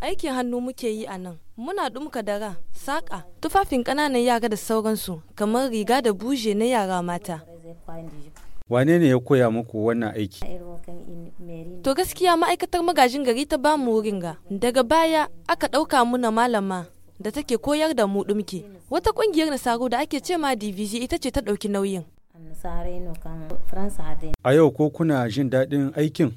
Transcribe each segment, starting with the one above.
Aikin hannu muke yi a nan. Muna ɗumka dara, saƙa, tufafin ƙananan yara da sauransu, kamar riga da buje na yara mata. Wane ne ya koya muku wannan aiki? To gaskiya ma'aikatar magajin gari ta ba mu wurin ga. Daga baya aka ɗauka muna malama da take koyar da mu ɗumke. Wata ƙungiyar nasaru da ake ce ma DVC ita ce ta ɗauki nauyin. A yau ko kuna jin daɗin aikin?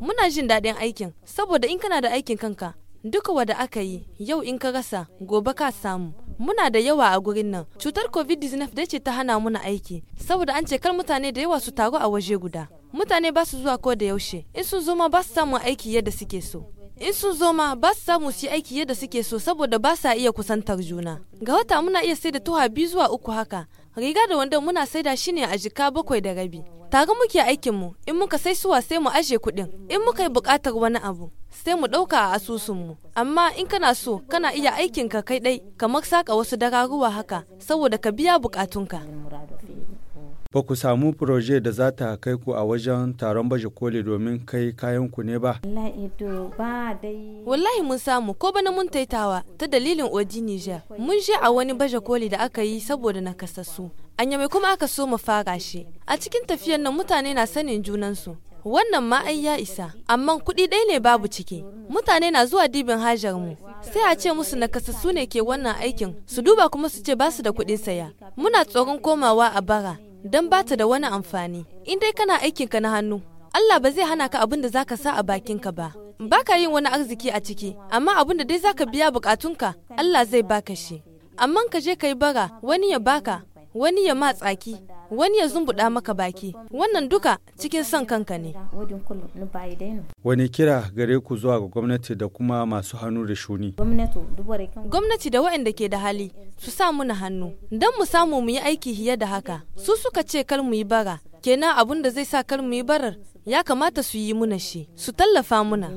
muna jin daɗin aikin saboda in kana da aikin kanka duka wada aka yi yau in ka rasa gobe ka samu muna da yawa a gurin nan cutar covid-19 da ce ta hana muna aiki saboda an ce kar mutane da yawa su taru a waje guda mutane ba su zuwa ko da yaushe in sun zo ma ba su samun aiki yadda suke so in sun zo ma ba su samu su yi aiki yadda suke so saboda ba sa iya kusantar juna ga wata muna iya sai da tuha biyu zuwa uku haka riga da wanda muna sai da shi ne a jika bakwai da rabi tare muke aikin mu in muka sai suwa sai mu aje kuɗin in muka yi buƙatar wani abu sai mu ɗauka a asusunmu amma in kana so kana iya aikin ka kai ɗai kamar saka wasu dararuwa haka saboda ka biya buƙatunka Ba ku samu proje da za ta kai ku a wajen taron baje koli domin kai kayan ku ne ba? Wallahi mun samu ko bana mun taitawa ta dalilin Oji Nijar. Mun je a wani baje koli da aka yi saboda nakasassu. Anya mai kuma aka so mu fara shi. A cikin tafiyan nan mutane na sanin junan su Wannan ma ai ya isa, amma kuɗi ɗaya ne babu ciki. Mutane na zuwa dibin hajar mu, sai a ce musu nakasassu ne ke wannan aikin su duba kuma su ce basu da kuɗin saya muna tsoron komawa a bara don ba ta da wani amfani. In dai kana aikinka na hannu, Allah ba zai hana ka abin da za ka sa a bakinka ba. Ba ka yin wani arziki a ciki, amma abin da dai za ka biya bukatunka, Allah zai baka shi. Amma ka je ka yi bara wani ya baka, wani ya matsaki wani ya zumbuɗa maka baki wannan duka cikin son kanka ne wani kira gare ku zuwa ga gwamnati da kuma masu hannu da shuni gwamnati da waɗanda ke da hali su sa muna hannu don mu samu mu yi aiki hiye da haka su suka ce kar mu yi bara kenan abun da zai sa kar mu yi barar ya kamata su yi muna shi su tallafa muna